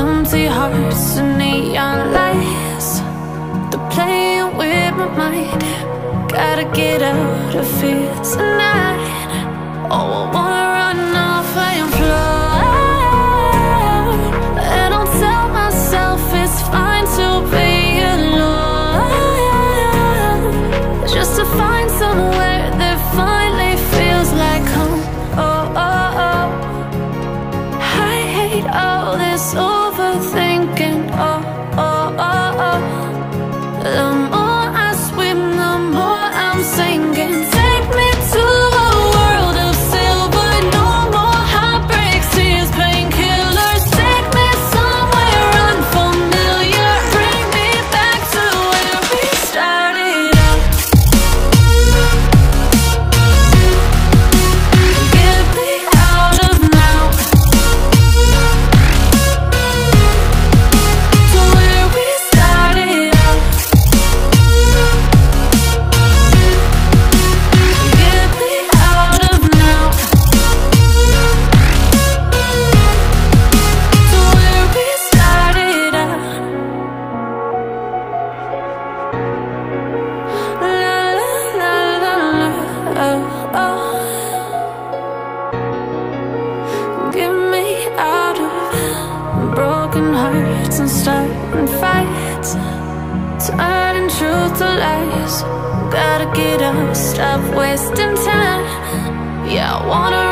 Empty hearts and neon lights They're playing with my mind Gotta get out of here tonight Oh, I want stop wasting time. Yeah, I wanna.